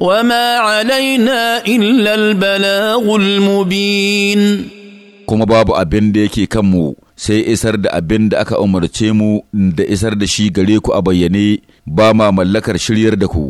وما علينا illal البلاغ المبين kuma babu abin da yake kanmu sai isar da abin da aka umarce mu da isar da shi gare ku a bayyane ba ma mallakar shiryar da ku